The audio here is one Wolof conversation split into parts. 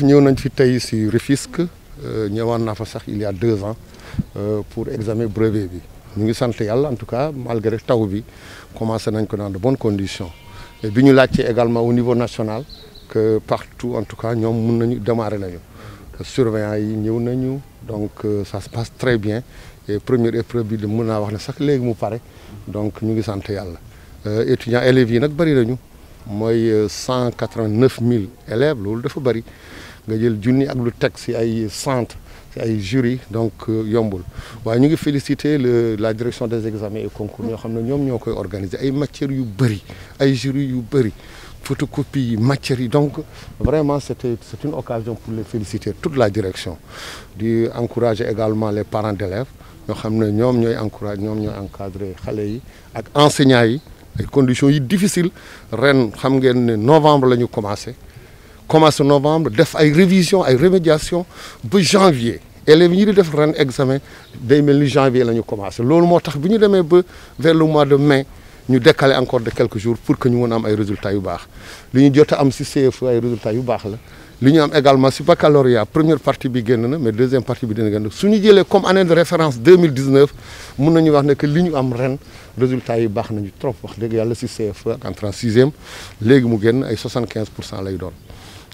Nous euh, avons il y a deux ans euh, pour examiner le brevet. Nous sommes en en tout cas, malgré le temps, nous commençons dans de bonnes conditions. Et nous sommes également au niveau national, que partout, en tout cas, nous pouvons démarrer. Les surveillants sont nous, donc euh, ça se passe très bien. Et la première épreuve de mon avoir c'est que nous sommes Donc nous sommes en euh, étudiants élèves, nous 189 000 élèves, nous sommes nga jël junni ak lu teg si ay centre si ay jury donc euh, yombul waaye ñu ngi féliciter le la direction des examens et concours Nous xam ne ñoom ñoo koy organiser ay matières yu bëri ay jury yu photocopie donc vraiment c'était c'est une occasion pour les féliciter toute la direction di encourager également les parents d'élèves Nous xam ne ñoom ñooy encourage ñoom ñooy encadrer xale yi ak enseignants yi ay conditions yi difficile ren xam ngeen ne novembre commence en novembre def ay révision ay remédiation janvier. janvier Et ñi de def ren examen day janvier Là, nous commençons. Le mois tax bi de vers le mois de mai nous décaler encore de quelques jours pour que nous ayons des résultats yu baax li 6 CF a am e résultats yu baax la également super baccalauréat première partie bi génn mais deuxième partie bi dina génn su comme année de référence 2019 nous n'avons wax que am ren résultats yi baax nañu trop wax dëgg yàlla si e, en ak entrant sixième léegi mu génn 75 là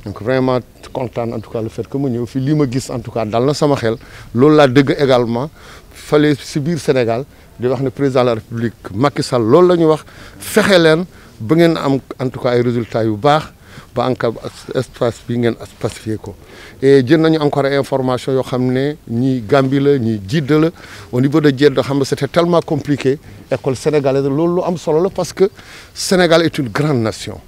donc vraiment content en tout cas le fait que mu ñëw fii lii ma gis en tout cas dal na sama xel loolu la deug également Fallait subir biir Sénégal di wax ne président de la République Macky Sall loolu la ñu wax fexé len ba ngeen am en tout cas ay résultats yu bax ba ANCAR espace bi ngeen pacifier ko et jël nañu encore information yo xamné ñi Gambie la ñi Djidda la au niveau de Djeddah xam c'était tellement compliqué école sénégalaise loolu am solo la parce que Sénégal est une grande nation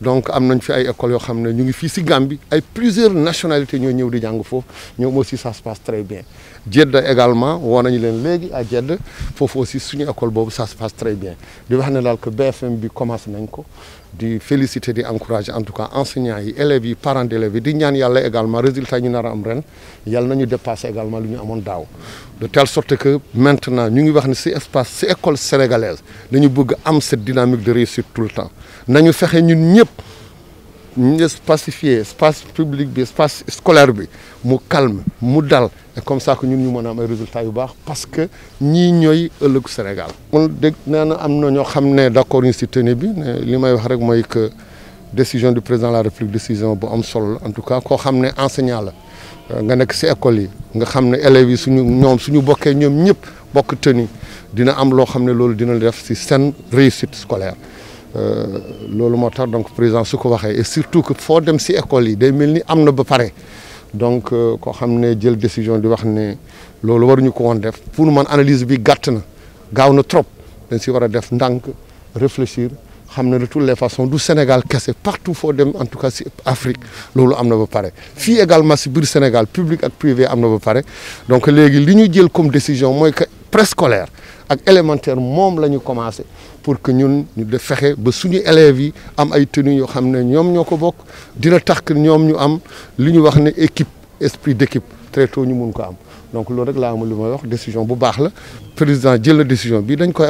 donc am nañ fi ay école yo xamné ñu ngi fi ci Gambie ay plusieurs nationalités ñoo ñëw di jàng foofu ñoom aussi ça se passe très bien Jeddah également woo nañu leen léegi à Jeddah foofu aussi suñu école bobu ça se passe très bien di wax ne daal que BFM bi commence nañ ko di féliciter di encourager en tout cas enseignants élèves parents d'élèves yi di ñaan yàlla également résultat ñu nar am ren yàlla nañu dépasser également ñu de telle sorte que maintenant nous ngi wax ces ci espace ci école sénégalaise dañu bëgg cette dynamique de réussite tout le temps nañu fexe ñun ñëpp nous pacifier espace public l'espace espace scolaire calme mu dal et comme ça que ñun ñu résultats parce que nous sommes au Sénégal. Nous avons d'accord, na décision du président de la République décision bu am en tout cas nous enseignant euh, nga école élèves nous réussite scolaire. Euh, loolu moo tax donc président su ko waxee et surtout que foo dem si école yi day mel ni am na ba pare donc euh, koo xam ne jël décision di wax ne loolu waruñu ko woon def pour man analyse bi gàtt na gaaw na trop dañ si war a def ndànk réfléchir xam ne de toutes les façons du Sénégal kese partout foo dem en tout cas si Afrique loolu am na ba pare fii également si biir Sénégal public ak privé am na ba pare donc léegi li ñu jël comme décision mooy que préscolaire ak élémentaire mom la commencé pour que ñun ñu def ba suñu élèves yi am ay tenues yo ñom ñoko bok équipe esprit d'équipe très tôt ñu ko donc lool rek la la décision bu la président jël la décision bi dañ koy